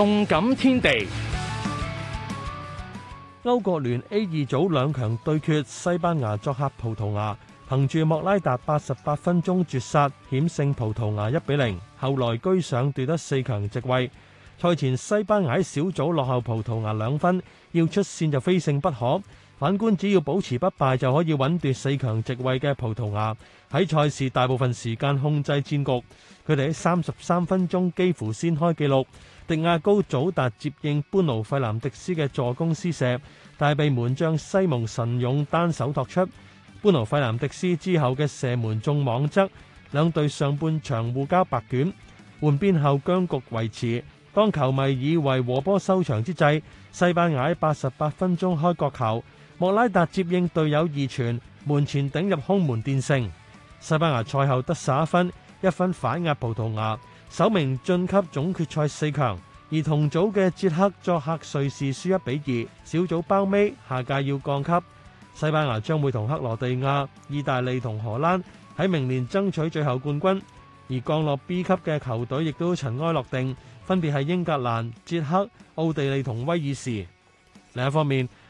動感天地，歐國聯 A 二組兩強對決，西班牙作客葡萄牙，憑住莫拉達八十八分鐘絕殺，險勝葡萄牙一比零，後來居上奪得四強席位。賽前西班牙小組落後葡萄牙兩分，要出線就非勝不可。反觀，只要保持不敗就可以穩奪四強席位嘅葡萄牙，喺賽事大部分時間控制戰局。佢哋喺三十三分鐘幾乎先開紀錄，迪亞高祖達接應般奴費南迪斯嘅助攻施射，但係被門將西蒙神勇單手托出。般奴費南迪斯之後嘅射門中網側，兩隊上半場互交白卷。換邊後僵局維持，當球迷以為和波收場之際，西班牙喺八十八分鐘開角球。莫拉達接應隊友二傳，門前頂入空門奠勝。西班牙賽後得十一分，一分反壓葡萄牙，首名晉級總決賽四強。而同組嘅捷克作客瑞士輸一比二，小組包尾，下屆要降級。西班牙將會同克羅地亞、意大利同荷蘭喺明年爭取最後冠軍。而降落 B 級嘅球隊亦都塵埃落定，分別係英格蘭、捷克、奧地利同威爾士。另一方面。